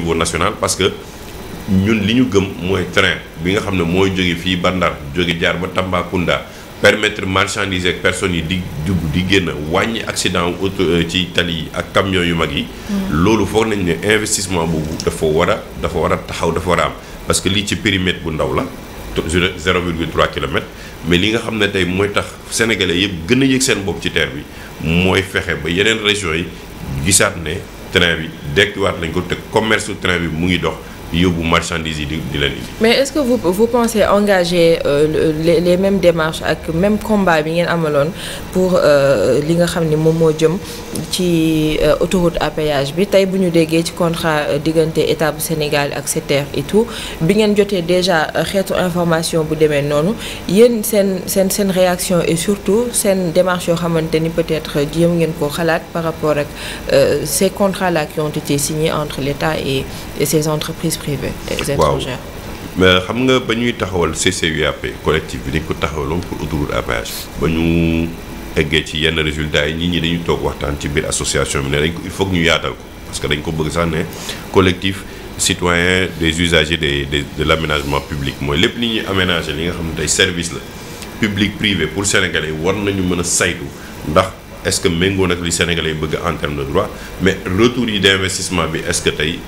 niveau national parce que ñun li ñu gëm mooy train bi nga xam ne mooy jóge fii ba Ndar jóge jaar ba Tambacounda permettre marchandises ak personne yi di dugg di génn wàññi accident wu auto euh, ci tali yi ak camions yu mag yi. Mm. loolu foog nañ ne investissement bu dafa war a dafa war a taxaw dafa war a am parce que lii ci périmètre bu ndaw la. 0,3 kilomètre mais li nga xam ne tey mooy tax sénégale yëpp gën a yëg seen bopp ci terre bi mooy fexe ba yeneen régions yi gisaat ne train bi commerce train bi mu ngi dox yóbbu marchandises yi di di leen mais est-ce que vous vous pensez engager euh, les les mêmes démarches ak même combat bi ngeen amaloon pour euh, li nga xam ni moom moo jëm ci euh, autoroute à péage bi tey bu ñu déggee ci contrat euh, diggante état bu Sénégal ak SETER et tout bi ngeen jotee déjà xeetu information bu demee noonu yéen seen seen seen réaction et surtout seen démarche yoo xamante ni peut-être jéem ngeen ko xalaat par rapport ak ces contrats là qui ont été signés entre et et privée et étrangères waaw xam nga ba ñuy taxawal CCUAP collectif bi dañ ko taxawaloon pour autoroute à péage ba ñu eggee ci yenn résultats yi nit ñi dañu toog waxtaan ci biir association bi ne dañ ko il faut ñu yaatal ko parce que dañ ko bëgg sax ne collectif citoyen des usagers des de de l' aménagement public mooy lépp li ñuy aménager li nga xam ne tey service la public privé pour sénégalais war nañu mën a saytu ndax est ce que méngoo nag li sénégalais bëgg en terme de droit mais retour yi d' bi est ce que tey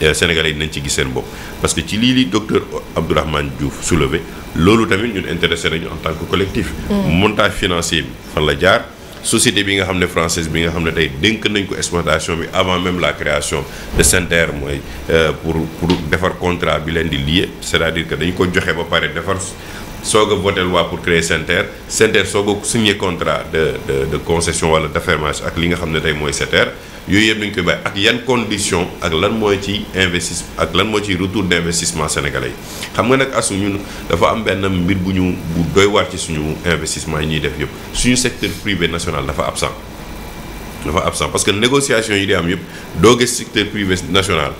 Euh, Sénégalais yi nañ ci gis seen bopp parce que ci lii li docteur Abdourahmane Diouf soulevé loolu tamit ñun intéressé nañu en tant que collectif. Mm. montage financier bi fan la jaar. société bi nga xam ne française bi nga xam ne tey dénk nañ ko exploitation bi avant même la création de SENTER mooy euh, pour pour defar contrat bi leen di lié c'est-à-dire que dañ ko joxe ba pare defar soog a voté loi pour créer SENTER SENTER soog a signé contrat de de de concession wala d'affermage ak li nga xam ne tey mooy SETER yooyu yëpp dañu koy bàyyi ak yan condition ak lan mooy ci investis ak lan mooy ci retour d'investissement sénégalais yi xam nga nag asu ñun dafa am benn mbir bu ñu bu doy waar ci suñu investissement yi ñuy def yëpp suñu secteur privé national dafa absent dafa absent parce que négociation yi di am yëpp doo gis secteur privé national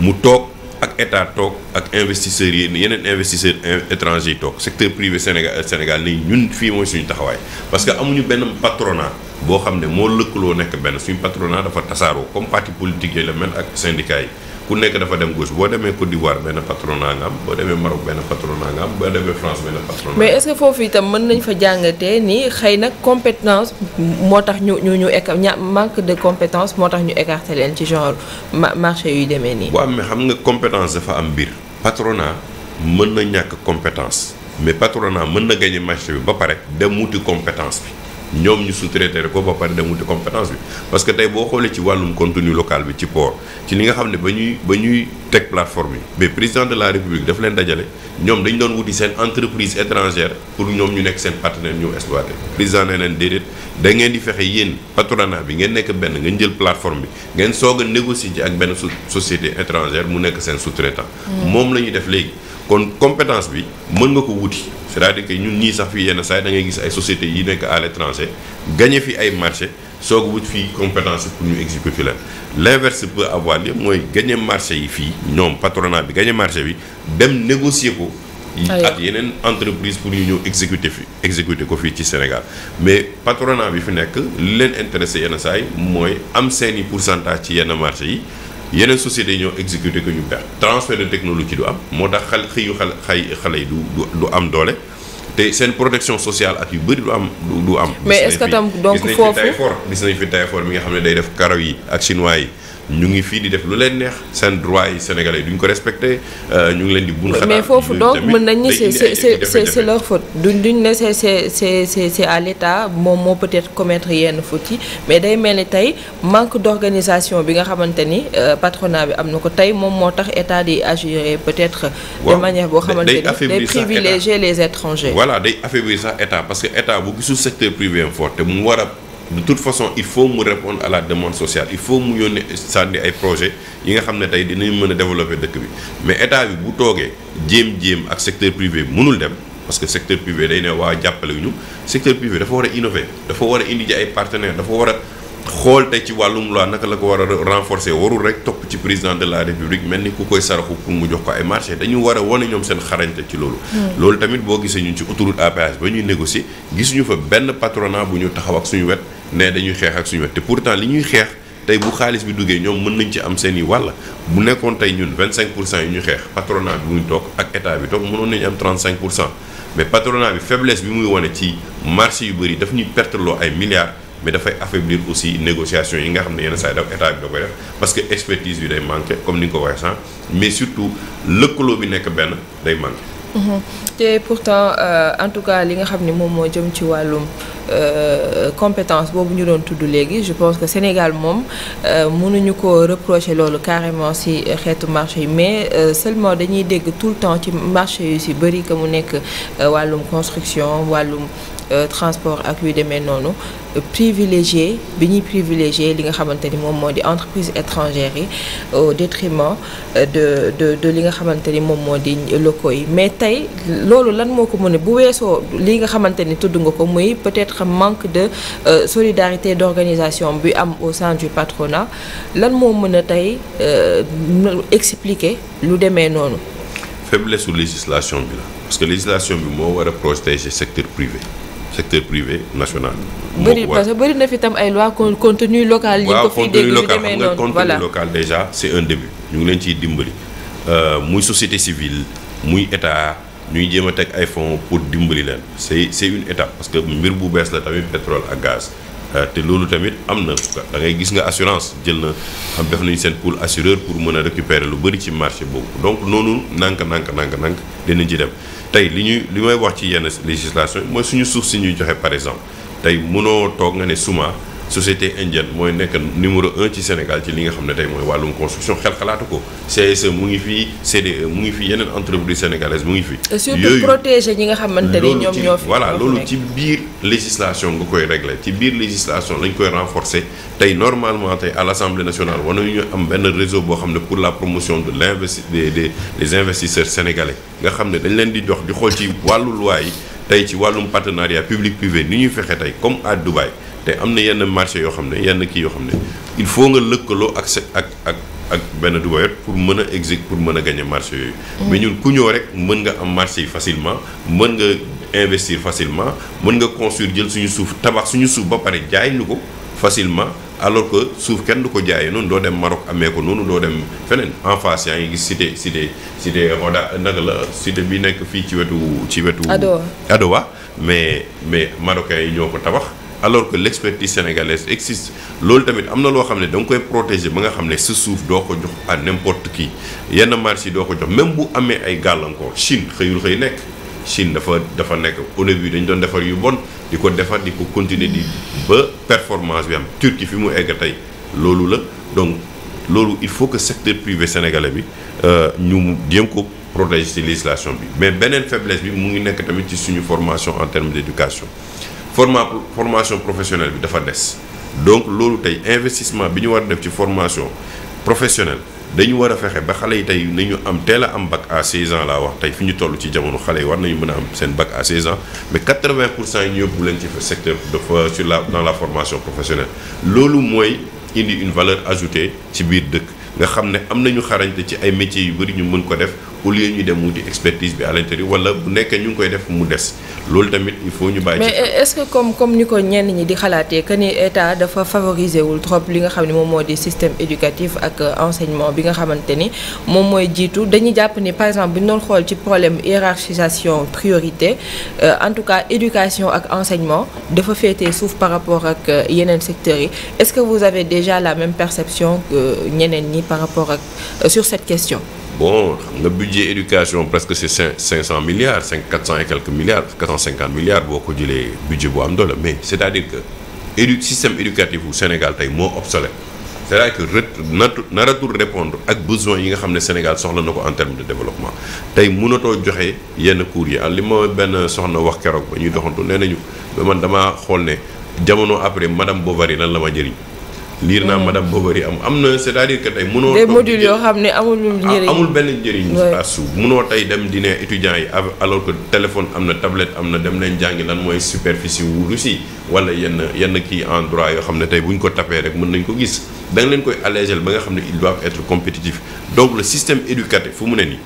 mu toog ak état toog ak investisseurs yi yeneen investisseurs étrangers yi toog secteur privé Sénégal euh, Sénégal nii ñun fii mooy suñu taxawaay parce que amuñu benn patronat boo xam ne moo lëkkaloo nekk benn suñu patronat dafa tasaaroo comme parti politique yi la mel ak syndicat yi ku nekk dafa dem gauche boo demee Côte d'Ivoire benn patronat nga am boo demee Maroc benn patronat nga am boo demee France benn patronat. mais est-ce que foofu mën nañ fa jàngatee nii xëy nag compétence moo tax ñu ñu ñu éca manque de compétence moo tax ñu écarté leen ci genre marché yuy demee nii. waaw amee xam nga compétence dafa am mbir. patronat mën na ñàkk compétence mais patronat mën na gagner marché bi ba pare dem wuti compétence bi. ñoom ñu sous ko ba pare dem wuti compétence bi parce que tey boo xoolee ci wàllum contenu local bi ci port ci li nga xam ne ba ñuy ba ñuy teg plateforme yi mais président de la république daf leen dajale ñoom dañ doon wuti seen entreprise étrangère pour ñoom ñu nekk seen partenaire ñu exploité président ne leen déedéet da ngeen di fexe yéen patronat bi ngeen nekk benn ngeen jël plateforme bi ngeen soog a négocier ci ak benn société étrangère mu nekk seen sous mm. moom la ñuy def léegi kon compétence bi mën nga ko wuti c'est-à-dire que ñun ñii sax fii yenn saa yi gis ay sociétés yi nekk à l'étranger gagné fi ay marché soog wut fii compétence pour ñu exécuter leen l'inverse peut avoir lieu mooy gagné marché yi fii ñoom patronat bi gagné marché bi dem négocier ko ah ak yeneen entreprise pour ñu ñëw exécuter fi exécuter ko fii ci Sénégal mais patronat bi fi nekk li leen intéresé yenn saay mooy am seeni pourcentage ci yenn marché yi yeneen société yi ñoo exécuté que ñu perte transfert de technologie du am moo tax xal xëyu xal xay xale yi du du am doole te seen protection sociale ak yu bëri du am du am. mais est-ce foofu gis nañ fi Taïfor gis nañ fi Taïfor mi nga xam ne day def karaw yi ak chinois yi. ñu ngi fii di def lu leen neex seen droit yi sénégalais duñ ko respecté euh, ñu ngi leen di. bun xalaat mais foofu donc mën nañ ni c'est c'est c'est leur faute à l'état moom moo peut-être commettre yenn fautes yi mais day mel ni tey manque d'organisation bi nga xamante ni euh, patronat bi am na ko tey moom moo tax état di agir peut-être. de manière boo xamante ni day privilégier les étrangers. voilà day affaiblir sax état parce que état bu gisul secteur privé am fort te mu war de toute façon il faut mu répondre à la demande sociale il faut mu yónnee sànni ay projet yi nga xam ne tey dinañ mën a développer dëkk bi mais état bi bu toogee jéem-jéem ak secteur privé mënul dem parce que secteur privé day ne waa jàppale ñu secteur privé dafa war a innover dafa war a indi ji ay partenaires dafa war a xool tey ci wàllum loi naka la ko war a renforcer warul rek topp ci président de la république mel ni ku koy saraxu pour mu jox ko ay marché war a wane ñoom seen xarañte ci loolu. Hmm. loolu tamit boo gisee ñun ci autoroute à péage ba ñuy négocier gisuñu fa benn patronat bu ñu taxaw ak suñu wet. ne dañuy xeex ak suñu wet te pourtant li ñuy xeex tey bu xaalis bi duggee ñoom mën nañ ci am seen i wàll bu nekkoon tey ñun 25 pour cent yi ñu xeex patronat bi muy toog ak état bi toog mënoon nañu am 35 pour cent mais patronat bi faiblesse bi muy wane ci marché yu bëri daf ñuy perte ay milliards mais dafay affaiblir aussi négociation yi nga xam ne yenn saa yi daf état bi da koy def parce que expertise bi day manqué comme ni nga ko waxee sànq mais surtout lëkkaloo bi nekk benn day manqué. Mhm. te euh, tout cas li nga xam ne moom moo ci wàllum. Euh, compétence boobu ñu doon tudd léegi je pense que Sénégal moom euh, mënuñu ko reprocher loolu carrément ci xeetu marché yi mais euh, seulement dañuy dégg tout le temps ci marché yu ci bari que mu nekk wàllum construction wàllum Euh, transport ak yu demee noonu privilégié bi ñuy privilégié li nga xamante ni moom moo di entreprise étrangère yi au détriment euh, de de de li nga xamante ni moom moo di locaux yi mais tey loolu lan moo ko mën bu weesoo li nga xamante ni tudd nga ko muy peut-être manque de euh, solidarité d'organisation bi am au sein du patronat lan moo mën a tey expliquer lu demee noonu faiblesse su législation bi la parce que législation bi moo war a protéger secteur privé secteur privé national. bëri parce que bëri na fi tam ay loi contenu local. yi ko fiy dégg ñu demee noonu local xam nga contenu local déjà c'est un début. ñu ngi leen ciy dimbali euh, muy société civile muy état ñuy jéem a teg ay fonds pour dimbali leen c'est c'est une étape parce que mbir bu bees la tamit pétrole ak gaz. Euh, te loolu tamit am na da ngay gis nga assurance jël na xam def nañu seen pool assureur pour mën a récupérer lu bëri ci marché boobu donc noonu nànk nànk nànk nànk dinañ ci dem tey li ñuy li may wax ci yenn législation mooy suñu suuf si ñuy joxe par exemple tey mënoo toog nga ne suma société indienne mooy nekk numéro un ci Sénégal ci li nga xam ne tey mooy wàllum construction xel xalaatu ko CSE mu ngi fii CDE mu ngi fii yeneen entreprise sénégalaise mu ngi fii. surtout protéger ñi nga xamante ni ñoom ñoo fi voilà loolu ci biir législation nga koy régler ci biir législation lañ koy renforcer tey normalement tey à l'Assemblée nationale war ñu am benn réseau boo xam ne pour la promotion de l'investi des des nga xam ne dañ leen di dox di xool ci wàllu loi tey ci wàllum partenariat public privé ni ñuy fexe tey comme à te am na yenn marché yoo xam ne yenn kii yoo xam ne il faut nga lëkkaloo ak sa ak ak ak benn dubayot pour mën a exig pour mën a gagné marché yooyu mm. mais ñun ku ñëw rek mën nga am marché yi facilement mën nga investir facilement mën nga construire jël suñu suuf tabax suñu suuf ba pare jaay ñu ko facilement alors que suuf kenn du ko jaaye noonu doo dem Maroc amee ko noonu doo dem feneen en face yaa ngi gis cité cité cité Roda naka la cité bi nekk fii ci wetu ci wetu Adowa mais mais marocains yi ñoo ko tabax alors que l'expertise sénégalaise existe loolu tamit am na loo xam ne danga nga koy protéger ba nga xam ne sa suuf doo ko jox à n'importe qui yenn marché yi doo ko jox même bu amee ay gàllankoor Chine xëyul xëy nekk Chine dafa dafa nekk au bi dañu doon defar yu bon di ko defar di ko continuer di ba performance bi am Turquie fi mu egg tey loolu la donc loolu il faut que secteur privé sénégalais bi euh, ñu jéem ko protéger ci législation bi mais beneen faiblesse bi mu ngi nekk tamit ci suñu formation en termes d'éducation forma formation professionnelle bi dafa des donc loolu tey investissement bi ñu war a def ci formation professionnelle dañu war a fexe ba xale yi tey nañu am teel a am bac à 16 ans laa wax tey fi ñu toll ci jamono xale yi war nañu mën a am seen bac à 16 ans mais 80 pour cent yi ñu yóbbu leen ci secteur dafa la dans la formation professionnelle loolu mooy indi une valeur ajoutée ci biir dëkk nga xam ne am nañu xarañte ci ay métiers yu bëri ñu mën ko def au lieu ñuy dem wuti expertise bi à l'intérieur wala bu nekkee ñu ngi koy def mu des loolu tamit il faut ñu bàyyi. mais est-ce que comme comme ni ko ñenn ñi di xalaatee que ni état dafa favoriser wul trop li nga xam ne moom moo di système éducatif ak euh, enseignement bi nga xamante ni moom mooy jiitu dañuy jàpp ni par exemple bu ñu doon xool ci problème hiérarchisation priorité euh, en tout cas éducation ak enseignement dafa féete suuf par rapport ak euh, yeneen secteurs yi est-ce que vous avez déjà la même perception que ñeneen ñi par rapport ak sur cette question. bon nga budget éducation presque c' est cinq cent milliards cinq quatre cent et quelques milliards quatre cent cinquante milliards boo ko jëlee budget bu am doole mais c' est à dire que édu système éducatif bu Sénégal tey moo obsolète c' est à dire que ret naratul répondre ak besoin yi nga xam ne Sénégal soxla na ko en terme de développement tey mënatoo joxe yenn cours yi ah li ma benn soxna wax keroog ba ñuy doxantu nee nañu man dama xool ne jamono après madame Bovary lan la ma jëriñ. liir naa madame Bovary am am na c'est-à-dire que tey mënoo. des modules yoo xam ne amul njëriñ ah, amul benn njëriñ. asu mënoo tey dem di ne étudiants yi alors téléphone am na tablette am na dem leen jàngi lan mooy superficie wu Russie wala yenn yenn kii en yoo xam ne tey buñ ko tapee rek mën nañ ko gis da leen koy allégel ba nga xam ne ils doivent être compétitifs donc le système éducatif fu mu ne nii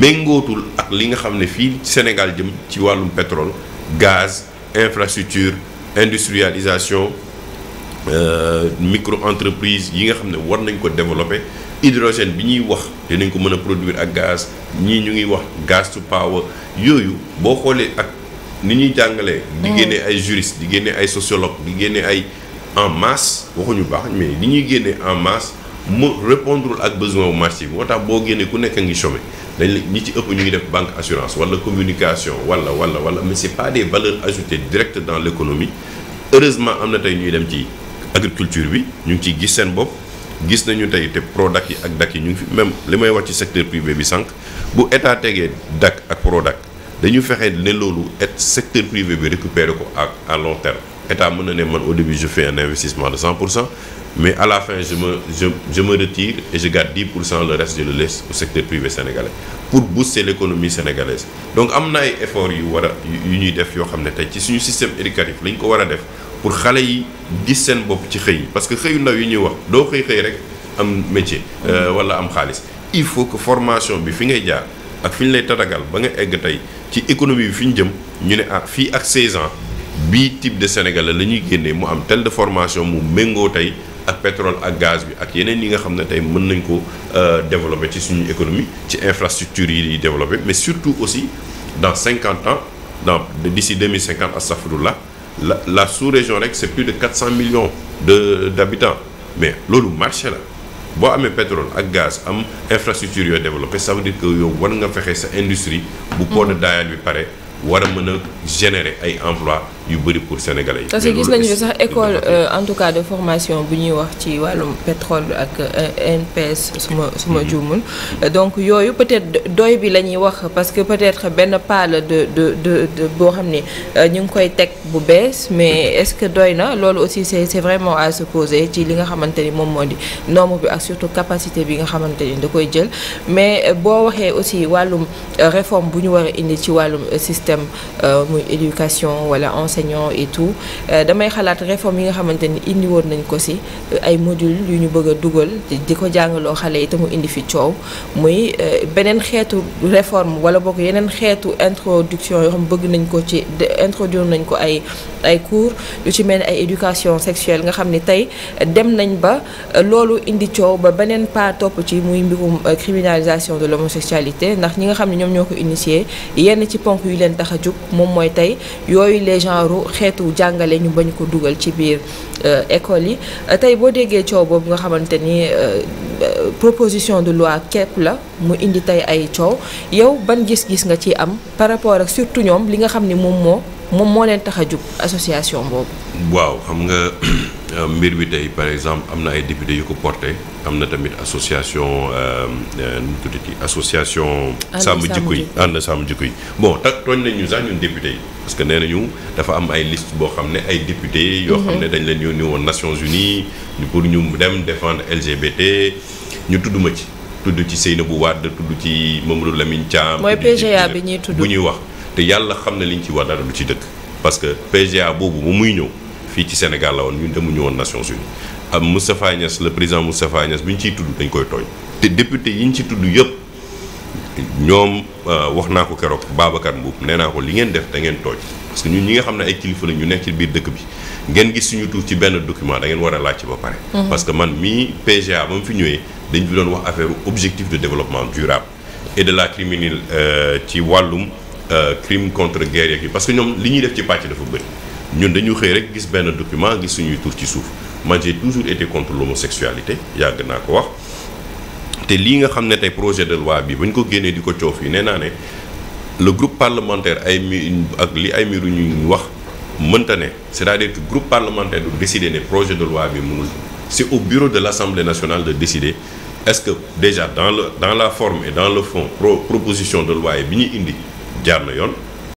méngootul ak li nga xam ne fii Sénégal jëm ci wàllum pétrole gaz infrastructure industrialisation. Euh, micro entreprise yi nga xam ne war nañ ko développer hydrogène bi ñuy wax dinañ ko mën a produire ak gaz ñii ñu ngi wax gaz to power yooyu boo xoolee ak ni ñuy jàngalee. di génnee mm. ay juriste di génnee ay sociologue di génnee ay en masse waxuñu baax mais li ñuy génnee en masse mu répondre ak besoin wu marché bi moo tax boo génnee ku nekk a ngi chômé dañ ñi ci ëpp ñu ngi def banque assurance wala communication wala wala wala mais c'est pas des valeurs ajoutées directes dans l'économie heureusement am na tey ñuy dem ci. agriculture bi ñu ngi ci gis seen bopp gis nañu tey te Prodac yi ak DAC yi ñu ngi fi même li may wax ci secteur privé bi sànq bu état tegee DAC ak Prodac dañu fexe ne loolu et secteur privé bi récupérer ko ak à long terme état mën na ne man au début je fais un investissement de pour cent mais à la fin je me retire et je garde le reste je le laisse au secteur privé sénégalais pour booster l' économie sénégalaise donc am na ay efforts yu war a yu ñuy def yoo xam ne tey ci suñu système éducatif lañ ko war a def pour xale yi gis seen bopp ci xëy yi parce que xëyu ndaw yi ñuy wax doo xëy xëy rek am métier euh, mm-hmm. wala am xaalis il faut que formation bi fi ngay jaar ak fi ñu lay tatagal ba nga egg tey ci économie bi fi ñu jëm ñu ne ah fii ak 16 bi bii type de sénégalais la ñuy génnee mu am tel de formation mu méngoo tey ak pétrole ak gaz bi ak yeneen yi nga xam ne tey mën nañ ko euh, développer ci suñu économie ci infrastructure yi di développer mais surtout aussi dans 50 ans dans d'ici 2050 astafurlah la la sous-région rek c'est plus de 400 millions de d'habitants mais loolu marché la boo amee pétrole ak gaz am infrastructure yooyu développé ça dire que yow war nga fexe sa industrie bu pont de mm. Dayane bi pare war a mën a générer ay emplois yu parce que gis nañu sax école euh, en tout cas de formation bu ñuy wax ci wàllum pétrole ak euh, NPS suma suma mhm. juumul donc yooyu peut-être doy bi la ñuy wax parce que peut-être benn pas la de de de boo xam ni euh, ñu ngi koy teg bu bees mais mhm. est-ce que doy na loolu aussi c'est c'est vraiment à se poser ci li nga xamante ni moom moo di norme bi ak surtout capacité bi nga xamante ni da koy jël mais boo waxee aussi wàllum réforme bu ñu war a indi ci wàllum système muy éducation wala enseignants et tout euh, damay xalaat réforme yi nga xamante ni indi woon nañ ko si euh, ay module yu ñu bëgg a dugal di ko jàngaloo xale yi te mu indi fi coow muy euh, beneen xeetu réforme wala bokk yeneen xeetu introduction yoo xam bëgg nañ ko ci introduire nañ ko ay ay cours lu ci mel ni ay éducation sexuelle nga xam ni tey dem nañ ba loolu indi coow ba beneen pas topp ci muy mbirum criminalisation de l'homosexualité ndax ñi nga xam ne ñoom ñoo ko initié yenn ci ponk yu leen tax a jug moom mooy tey yooyu les genre xeetu jàngale ñu bañ ko dugal ci biir euh, école yi euh, tey boo déggee coow boobu nga xamante ni euh, proposition de loi képp la mu indi tey ay coow yow ban gis-gis nga ci am par rapport ak surtout ñoom li nga xam ni moom moo moom moo leen tax a jug association boobu. waaw xam nga. Euh, mbir bi tey par exemple am na ay député yu ko porté am na tamit association euh, euh, nu tuddati association sàmm jikko yi ànd sàmm jikko yi bon ta tooñ nañ ñu sax ñun député yi parce que nee nañu dafa am ay liste boo xam ne ay député yoo xam ne mhm. dañ leen yónni woon Nations Unies pour ñu dem défendre LGBT ñu tudduma ci tudd ci Seynabou Wade tudd ci Mamadou Lamine Thiam mooy PGA bi ñuy tudd bu ñuy wax te yàlla xam ne liñ ci wax dara du ci dëkk parce que PGA boobu ba muy ñëw fii ci Sénégal la woon ñun demuñu woon Nations Unies am Moustapha Niass le président Moustapha Niass bi ñu ciy tudd dañ koy tooñ te député yi ñu ci tudd yëpp ñoom euh, wax naa ko keroog baabakat Mboup nee naa ko li ngeen def da ngeen tooñ parce que ñun ñi nga xam ne ay kilifa la ñu nekk ci biir dëkk bi ngeen gis suñu tur ci benn document dangeen ngeen war a laaj ba pare. Mm-hmm. parce que man mii PGA ba mu fi ñëwee dañu fi doon wax affaire objectif de développement durable et de la criminelle euh, ci wàllum euh, crime contre guerre yeeg yi parce que ñoom li ñuy def ci pàcc dafa bëri. ñun dañu xëy rek gis benn document gis suñuy tur ci suuf man j'ai toujours été contre l'homosexualité yàgg naa ko wax te lii nga xam ne tey projet de loi bi ba ñu ko génnee di ko coof yi nee naa ne le groupe parlementaire ay mi ak li ay miru ñu wax mënta ne c'est-à-dire que groupe parlementaire du décider ne projet de loi bi mënul c'est au bureau de l'Assemblée nationale de décider est-ce que déjà dans le dans la forme et dans le fond pro proposition de loi bi ñuy indi jaar na yoon